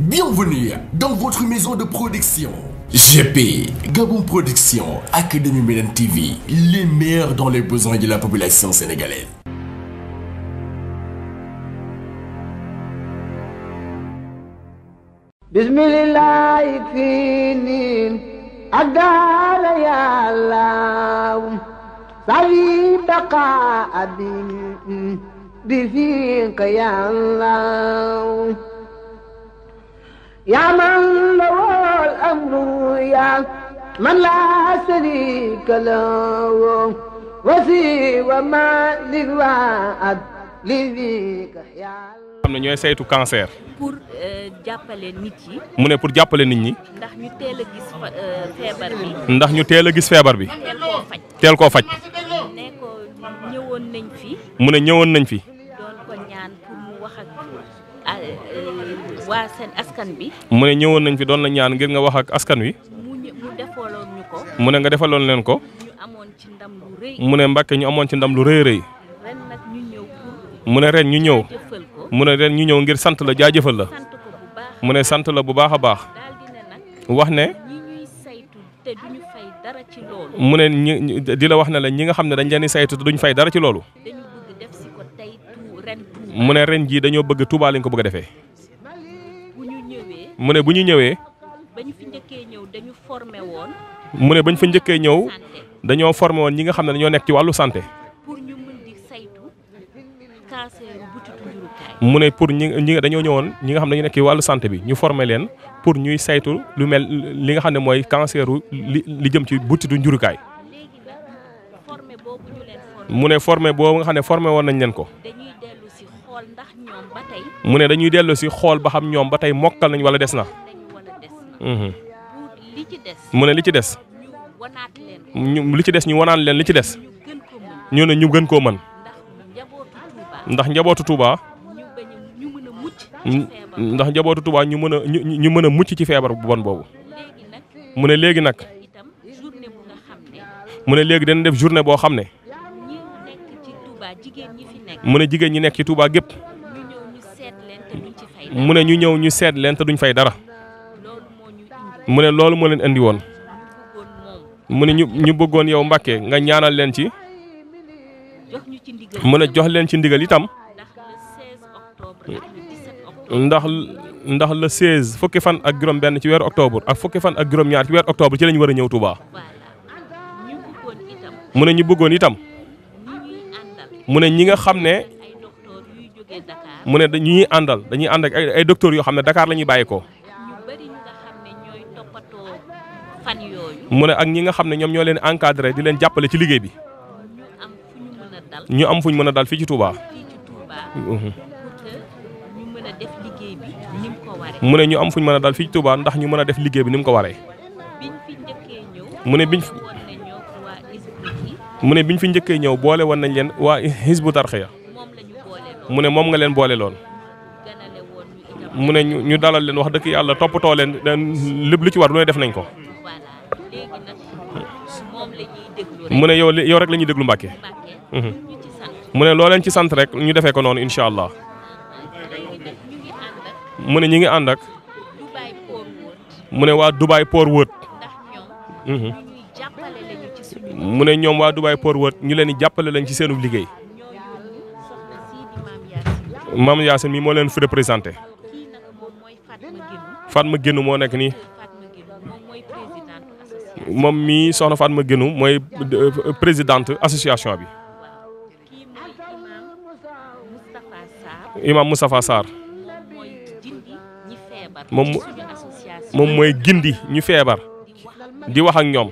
Bienvenue dans votre maison de production. GP, Gabon Production, Académie Médan TV, dans les besoins de la population sénégalaise. yaa man lawoo amru yaa man laa sharika lahu wasi wa ma lig waa ak li xam ne ñooy saytu cancer. pour euh, jàppale nit yi. mu ne pour jàppale nit ñi. ndax ñu teel a gis euh, feebar bi. ndax teel a gis teel koo faj. teel ko ñëwoon nañ fi. mu ne ñëwoon nañ fi. waa mu ne ñëwoon nañ fi doon na ñaan ngir nga wax ak askan wi. mu ne nga defaloon leen ko. mu ne Mbàkke ñu amoon ci ndam lu rëy rëy. mu ne ren ñu ñëw. mu ne ren ñu ñëw ngir sant la jaajëfal la. mu ne sant la bu baax a baax. wax ne. mu ne ñi la wax ne la ñi nga xam ne dañ leen di saytu te duñ fay dara ci loolu. mu ne ren jii dañoo bëgg Touba lañ ko bëgg defee. mu ne bu ñu ñëwee. bañ fi njëkkee ñëw dañu formé woon. ne bañ fa njëkkee ñëw dañoo formé woon ñi nga xam ne dañoo nekk ci wàllu santé. mu ne pour ñi ñi dañoo ñëwoon ñi nga xam ne dañu nekk ci wàllu sante bi ñu formé leen pour ñuy saytu lu mel li nga xam ne mooy canceru li jëm ci butitu njurukaay. mu ne forme boobu nga xam ne formé woon nañ leen ko. mu ne dañuy dellu si xool ba xam ñoom ba tey mokkal nañu wala des na. Mhm. mu ne li ci des. ñu li ci des ñu wanaan leen li ci des. ñu ne ñu gën koo man ndax njabootu Touba. ndax njabootu Touba ñu mën a mën a mucc ci feebar bu bon boobu. mu ne léegi nag. mu ne léegi dañ def journée boo xam ne. mu ne jigéen ñi nekk ci Touba gépp mu ne ñu ñëw ñu seet leen te duñ fay dara mu ne loolu moo leen indi woon mu ne ñu ñu bëggoon yow Mbàkke nga ñaanal leen ci mu ne jox leen ci ndigal itam ndax ndax la 16 fukki fan ak juróom benn ci weer octobre ak fukki fan ak juróom ñaar ci weeru octobre ci lañu war a ñëw Touba mu ne ñu bëggoon itam mu ne ñi nga xam ne mu ne ñu ñuy àndal dañuy ànd ak ay docteurs yoo xam ne Dakar la bàyyi ko mu ne ak ñi nga xam ne ñoom ñoo leen encadré di leen jàppale ci liggéey ñu am fu ñu mën a dal fii ci Touba. mu ne ñu am fu mën a dal fii ci ndax mhm. ñu mën a def liggéey bi ni mu ko waree. mu ne biñ ne biñ fi njëkkee ñëw boole woon nañ leen waa Hizbu Tarxiya mu ne moom nga leen boole loon mu ne ñu dalal leen wax dëgg yàlla toppatoo leen lépp lu ci war lu ne def nañ ko mu ne yow yow rek la ñuy déglu Mbàkke mhm. mu ne loo leen ci sant rek ñu defee ko noonu incha allah mu ne ñu ngi ànd ak mu ne waa Dubai Port World mhm. mu ne ñoom waa Dubai Port World ñu leen di jàppale lañ ci seenu liggéey maam Yacine mii moo leen fi représenté ma génnu moo nekk nii moom mii soxna ma Guénou mooy euh, présidente association bi imam Moustapha Sarr moom moom mooy gindi ñu feebar di wax ak ñoom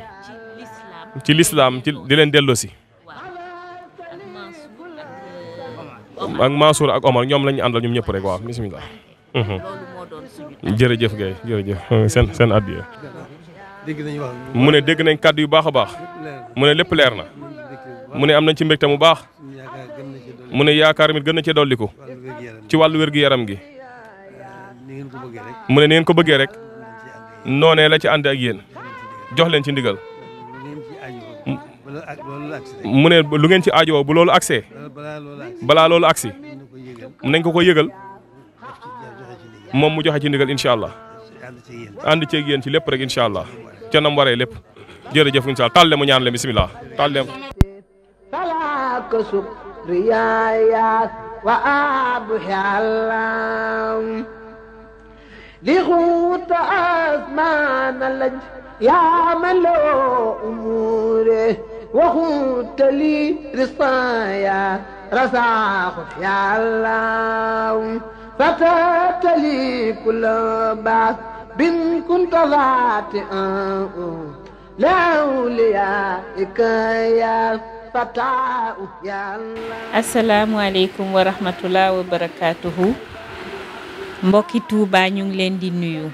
ci lislaam ci di leen delloosi ak Mansour ak Omar ñoom lañu àndal ñoom ñëpp rek waaw bisimilah. Mhm. jërëjëf gay jërëjëf seen seen addiya mu ne dégg nañ kàddu yu baax a baax mu ne lépp leer na mu ne am nañ ci mbégte mu baax mu ne yaakaar mit gën na cee dolliku ci wàllu wér-gu-yaram gi mu ne ni ko bëggee rek noonee la ci ànd ak yéen jox leen ci ndigal mu ne lu ngeen ci aajowoo bu loolu agsee euh, balaa loolu agsi nañ ko ko yëgal moom mu joxe ci ndigal incha allah ànd ceeg yéen ci lépp rek incha allah ca nam waree lépp jërëjëf incha allah tàlle mu ñaan le bisimilah tàlle لغوت أزمان اللج يا ملو أموره وخنت لي رصايا رزاق يا الله فتات لي كل بعث بن كنت ذاتئا لأوليائك يا فتاة يا الله السلام عليكم ورحمة الله وبركاته mbokki Touba ñu ngi leen di nuyu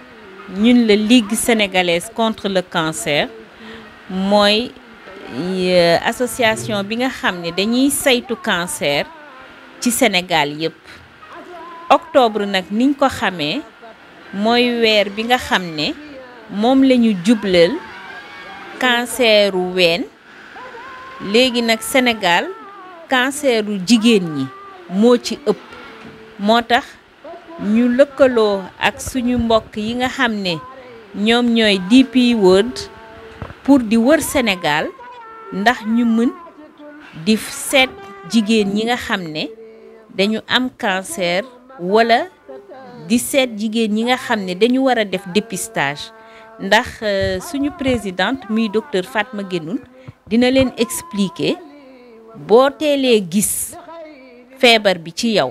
ñun la Ligue sénégalaise contre le cancer mooy Euh, association bi nga xam ne dañuy saytu cancer ci Sénégal yépp octobre nag niñ ko xamee mooy weer bi nga xam ne moom lañu jubleel canceru ween léegi nag Sénégal canceru jigéen ñi moo ci ëpp moo tax ñu lëkkaloo ak suñu mbokk yi nga xam ne ñoom ñooy DP World pour di wër senegal ndax ñu mën di seet jigéen ñi nga xam ne dañu am cancer wala di seet jigéen ñi nga xam ne dañu war a def dépistage ndax euh, suñu présidente muy docteur Fatma Guénoun dina leen expliquer boo teelee gis feebar bi ci yow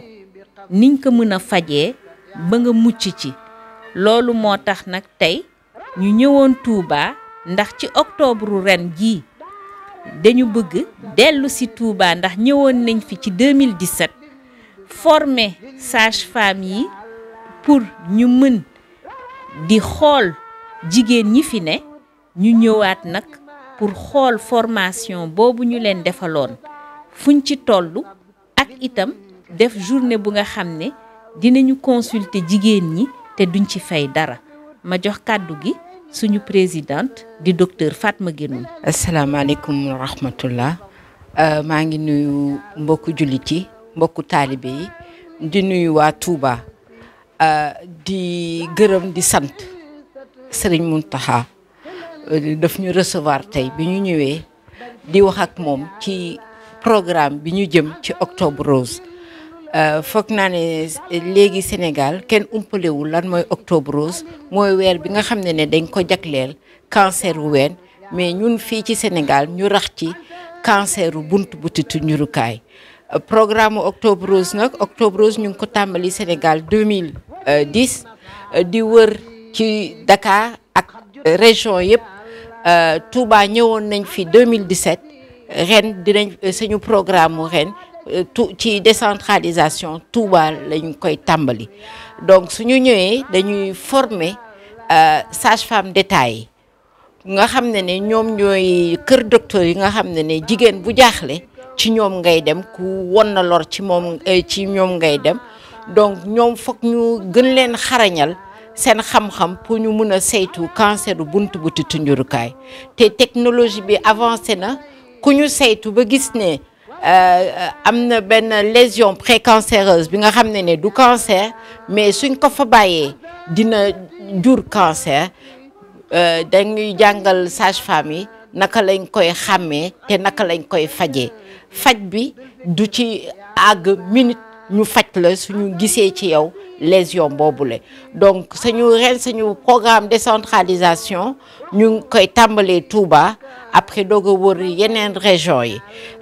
niñ ko mën a fajee ba nga mucc ci loolu moo tax nag tey ñu ñëwoon tuuba ndax ci octobre ren jii dañu bëgg dellu si Touba ndax ñëwoon nañ fi ci 2017 former sage-femme yi pour ñu mën di xool jigéen ñi fi ne ñu ñëwaat nag pour xool formation boobu ñu leen defaloon fuñ ci tollu ak itam def journée bu nga xam ne dinañu consulter jigéen ñi te duñ ci fay dara ma jox kàddu gi suñu présidente di docteur Fatma Guenoune. asalaamaaleykum wa rahmatullah euh, maa ngi nuyu mbokku jullit yi mbokku taalibe yi di nuyu waa Touba euh, di gërëm di sant Serigne Mountakha euh, daf ñu recevoir tey bi ñu ñëwee di wax ak moom ci programme bi ñu jëm ci octobre rose. Euh, foog naa ne léegi Sénégal kenn umpalewul lan mooy octobre rose mooy weer bi nga xam ne ne dañ ko jagleel cancer wu ween mais ñun fii ci Sénégal ñu rax ci cancer bunt butitu njurukaay euh, programme octobre rose nag octobre rose ñu ngi ko tàmbali Sénégal 2010 euh, di wër ci Dakar ak région yëpp Touba ñëwoon nañ fi 2017 ren dinañ suñu programme ren Euh, tout ci décentralisation Touba la ñu koy tàmbali donc suñu ñëwee dañuy former euh, sage-femme d'État yi nga xam ne ne ñoom ñooy kër docteur yi nga xam ne ne jigéen bu jaaxle ci ñoom ngay dem ku won na lor ci moom euh, ci ñoom ngay dem donc ñoom foog ñu gën leen xarañal seen xam-xam pour ñu mun a saytu cancer buntu buti tunjurukaay te technologie bi avancé na ku ñu saytu ba gis ne Euh, euh, am na benn lésion précancéreuse bi nga xam ne ne du cancer mais suñ ko fa bàyyee dina jur cancer euh, dañuy jàngal sage-femme yi naka lañ koy xàmmee te naka lañ koy fajee faj bi du ci àgg minute ñu faj la suñu gisee ci yow lésion boobule donc suñu ren suñu programme décentralisation ñu ngi koy tàmbalee Touba après doog a wër yeneen région yi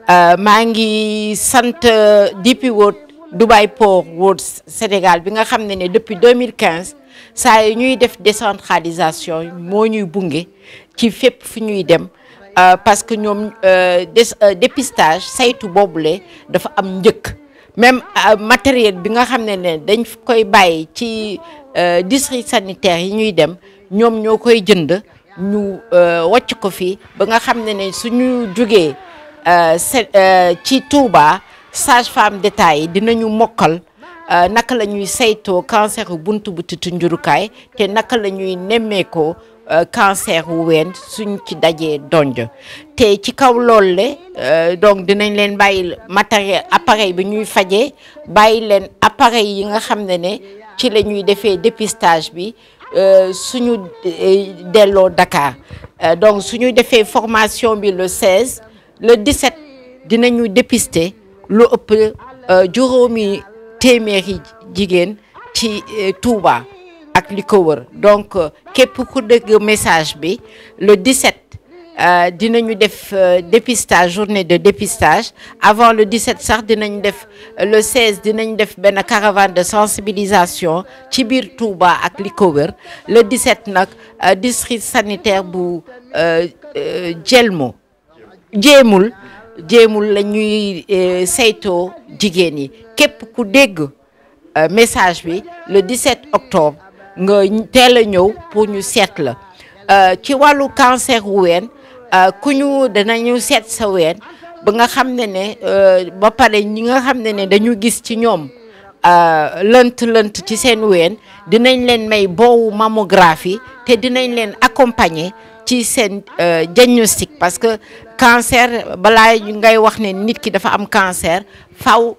euh, maa ngi sant euh, DP World Dubai Port World Sénégal bi nga xam ne ne depuis 2015 saa yi ñuy def décentralisation moo ñuy bunge ci fépp fu ñuy dem euh, parce que ñoom dépistage saytu boobule dafa am njëkk même euh, matériel bi nga xam ne ne dañ koy bàyyi ci euh, district sanitaire yi ñuy dem ñoom ñoo koy jënd ñu euh, wàcc ko fii ba nga xam ne ne suñu jógee ci Touba sage femme d'État yi dinañu mokkal naka la ñuy saytoo cancer buntu bu titu njurukaay te naka la ñuy nemmeekoo Euh, cancer wu ween suñ ci dajee donj te ci kaw loolu le euh, donc dinañ leen bàyyi matériel appareil bi ñuy fajee bàyyi leen appareil yi nga xam ne ne ci la ñuy defee dépistage bi euh, suñu delloo Dakar donc suñu defee formation bi le 16 le 17 dinañu dépister lu ëpp juróomi téeméeri jigéen ci Touba. ak li ko wër donc euh, képp ku dégg message bi le 17 euh, dinañu def euh, dépistage journée de dépistage avant le 17 sax dinañu def le 16 dinañu def benn caravane de sensibilisation ci biir Touba ak li ko wër le 17 nag district sanitaire bu Djelmo jéemul jéemul la ñuy saytoo jigéen yi képp ku dégg message bi le 17 octobre nga teel a ñëw pour ñu seet la euh, ci wàllu cancer wu ween euh, ku ñu danañu seet sa ween ba nga xam ne ne euh, ba pare ñi nga xam ne ne dañu gis ci ñoom lënt lënt ci seen ween dinañ leen may boowu mammographie te dinañ leen accompagner ci seen diagnostic parce que cancer balaa ngay wax ne nit ki dafa am cancer faw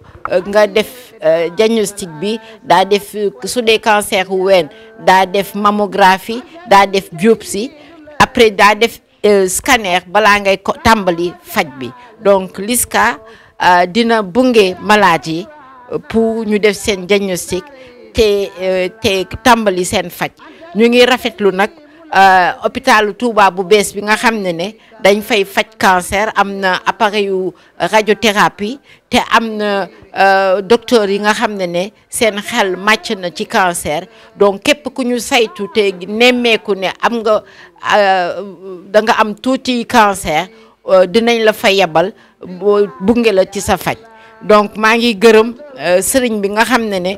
nga def Euh, diagnostic bi daa def su dee cancer ween daa def mammographie daa def biopsie après daa def euh, scanner balaa ngay ko tàmbali faj bi donc LISCA euh, dina bunge malade yi pour ñu def seen diagnostic te te tàmbali seen faj ñu ngi rafetlu nag. Euh, hôpitalu Touba bu bees bi nga xam ne ne dañ fay faj cancer am na appareil yu radiothérapie te am na euh, docteur yi nga xam ne ne seen xel màcc na ci cancer donc képp ku ñu saytu te nemmeeku ne am nga euh, da nga am tuuti cancer dinañ la fa yebal bunge la ci sa faj donc maa ngi gërëm sëriñ bi nga xam ne ne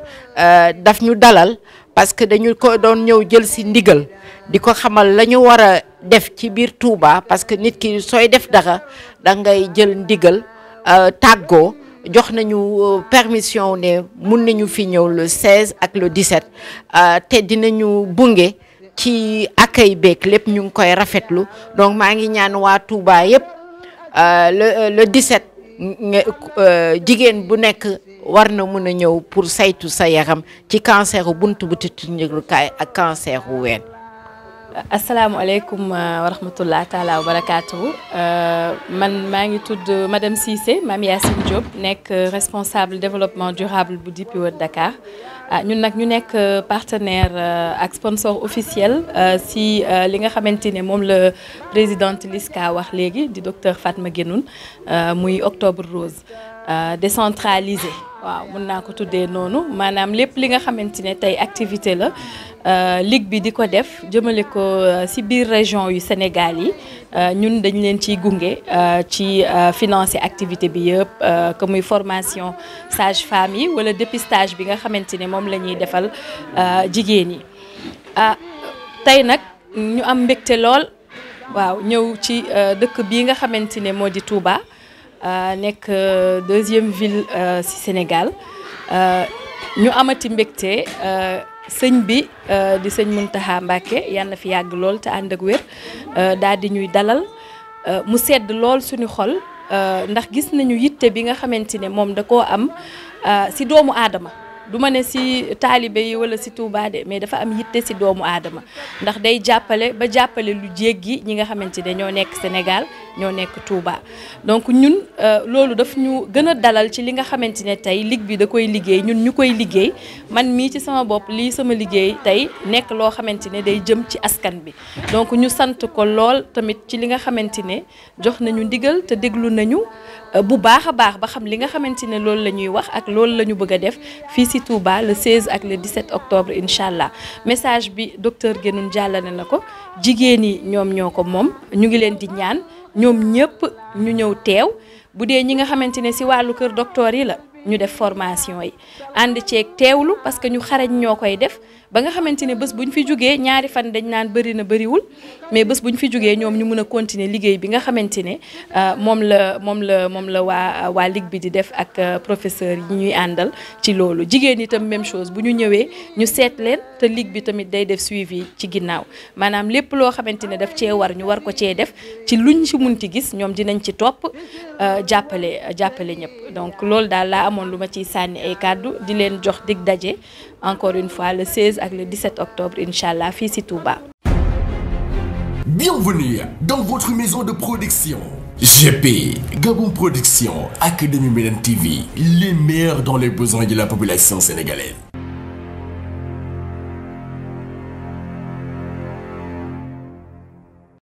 daf ñu dalal parce que dañu ko doon ñëw jël si ndigal di ko xamal lañu ñu war a def ci biir Touba parce que nit ki sooy def dara da ngay jël ndigal euh, tàggoo jox nañu euh, permission ne mun nañu fi ñëw le 16 ak le 17 euh, te dinañu bunge ci accueil beeg lépp ñu ngi koy rafetlu donc maa ngi ñaan waa Touba yëpp le le 17. Eh, jigéen bu nekk war na mun a ñëw pour saytu sa yaram ci cancer bunt bu tëdd njëglukaay ak cancer wu ween asalaamualeykum euh, wa rahmatullah taala wa barakaatuhu euh, man maa ngi tudd madame Cissé Mame Yacine Diop nekk responsable développement durable bu DP World Dakar euh, ñun nag ñu nekk partenaire ak sponsor officiel si li nga xamante ne moom la présidente LISCA wax léegi di docteur Fatma Guénoun muy octobre rose décentralisé waaw mun naa ko tuddee noonu maanaam lépp li nga xamante ne tey activité la euh, ligue bi di ko def jëmale ko ci euh, biir région yu Sénégal yi euh, ñun dañ leen ciy gunge ci financer activité bi yëpp que formation sage femme yi wala dépistage bi nga xamante ne moom la ñuy defal jigéen yi ah tey nag ñu am mbégte lool waaw ñëw ci dëkk bi nga xamante ne moo di Touba. Euh, nekk euh, deuxième ville euh, ci Sénégal ñu amati mbégte sëñ bi di sëñ Mountakha Mbacké yal na fi yàgg lool te ànd ak wér daal di ñuy dalal mu sedd lool suñu xol ndax gis nañu yitte bi nga xamante ne moom da koo am ci doomu aadama du ma ne si taalibe yi wala si Touba de mais dafa am yitte si doomu aadama ndax day jàppale ba jàppale lu jéggi ñi nga xamante ne ñoo nekk Sénégal ñoo nekk Touba. donc ñun euh, loolu daf ñu gën a dalal ci li nga xamante ne tey ligue bi da koy liggéey ñun ñu koy liggéey man mii ci sama bopp lii sama liggéey tey nekk loo xamante ne day jëm ci askan bi donc ñu sant ko lool tamit ci li nga xamante ne jox nañu ndigal te déglu nañu. bu baax a baax ba xam li nga xamante ne loolu la ñuy wax ak loolu la ñu bëgg a def fii si Touba le 16 ak le 17 octobre incha allah message bi docteur Guénoune jàllale na ko jigéen yi ñoom ñoo ko moom ñu ngi leen di ñaan ñoom ñëpp ñu ñëw teew bu dee ñi nga xamante ne si wàllu kër docteur yi la ñu def formation yi ànd ceeg teewlu parce que ñu xarañ ñoo koy def ba nga xamante ne bés bu ñu fi jógee ñaari fan dañ naan bëri na bëriwul mais bés bu ñu fi jógee ñoom ñu mun a continuer liggéey bi nga xamante ne euh, moom la moom la moom la waa waa ligue bi di def ak euh, professeur yi ñuy àndal ci loolu jigéen itam même chose bu ñu ñëwee ñu seet leen te ligue bi tamit day def suivi ci ginnaaw manaam lépp loo xamante ne daf cee war ñu war ko cee def ci lu luñ ci munti gis ñoom dinañ ci topp euh, jàppale jàppale ñëpp donc loolu daal laa amoon lu ma ciy sànni ay kàddu di leen jox dig daje encore une fois le 16 ak le 17 octobre incha allah fii si Touba. Bienvenue dans votre maison de production. GP, Gabon Production, Académie Médine TV, les meilleurs dans les besoins de la population sénégalaise.